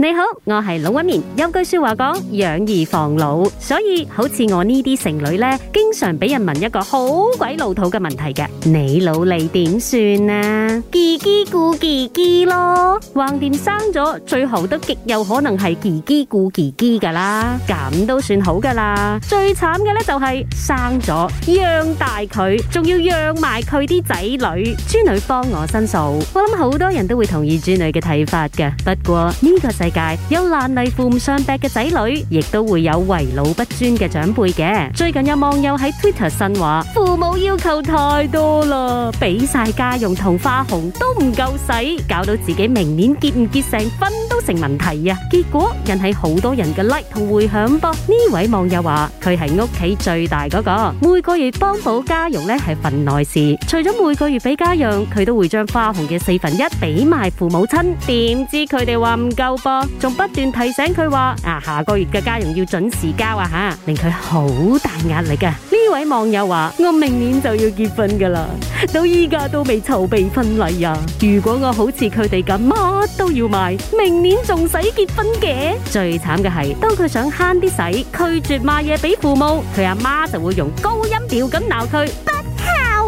你好，我係龍紋敏。有句話說話講，養兒防老，所以好似我呢啲剩女呢，經常俾人問一個好鬼老土嘅問題嘅，你老嚟點算呢？「自己顧自己咯，橫掂生咗，最後都極有可能係自己顧自己噶啦，咁都算好噶啦。最慘嘅呢、就是，就係生咗養大佢，仲要養埋佢啲仔女。子女幫我申訴，我諗好多人都會同意子女嘅睇法嘅。不過呢、這個世界有爛泥扶唔上壁嘅仔女，亦都會有為老不尊嘅長輩嘅。最近有網友喺 Twitter 呻話，父母要求太多啦，俾晒家用同花紅都唔夠使，搞到自己明年結唔結成婚都成問題啊！結果引起好多人嘅 like 同回響噃。呢位網友話：佢係屋企最大嗰個，每個月幫補家用咧係份內事。除咗每個月俾家用，佢都會將花紅嘅四分一俾埋父母親。點知佢哋話唔夠噃。仲不斷提醒佢話，啊，下個月嘅家用要準時交啊吓，令佢好大壓力嘅啊。呢位網友話：我明年就要結婚噶啦，到依家都未籌備婚禮啊。如果我好似佢哋咁，乜都要買，明年仲使結婚嘅。最慘嘅係，當佢想慳啲使，拒絕買嘢俾父母，佢阿媽就會用高音調咁鬧佢。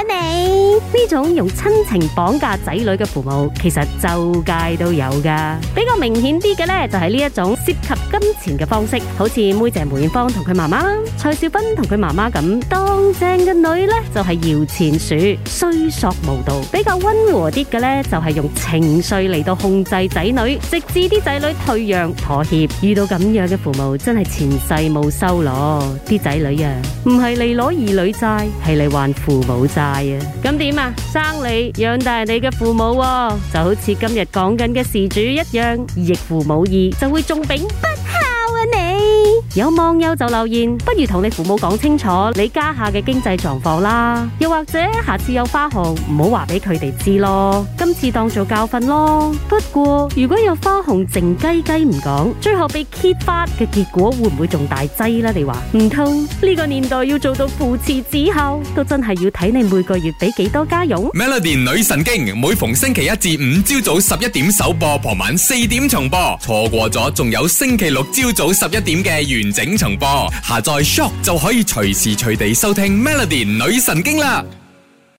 你呢種用親情綁架仔女嘅父母，其實周街都有噶。比較明顯啲嘅呢，就係呢一種涉及金錢嘅方式，好似梅姐梅艷芳同佢媽媽，蔡少芬同佢媽媽咁，當正嘅女呢，就係「搖錢樹」，「需索無度」。比較温和啲嘅呢，就係用情緒嚟到控制仔女，直至啲仔女退讓妥協。遇到咁樣嘅父母，真係前世冇修咯，啲仔女啊，唔係嚟攞兒女債，係嚟還父母債。大啊！咁點 啊？生你養大你嘅父母、啊，就好似今日講緊嘅事主一樣，逆父母意就會中病不。有網友就留言：不如同你父母講清楚你家下嘅經濟狀況啦，又或者下次有花紅唔好話俾佢哋知咯，今次當做教訓咯。不過如果有花紅靜雞雞唔講，最後被揭發嘅結果會唔會仲大劑呢？你話唔通？呢個年代要做到父慈子孝，都真係要睇你每個月俾幾多家用。Melody 女神經，每逢星期一至五朝早十一點首播，傍晚四點重播，錯過咗仲有星期六朝早十一點嘅完整重播，下載 Shop 就可以隨時隨地收聽 Melody 女神經啦！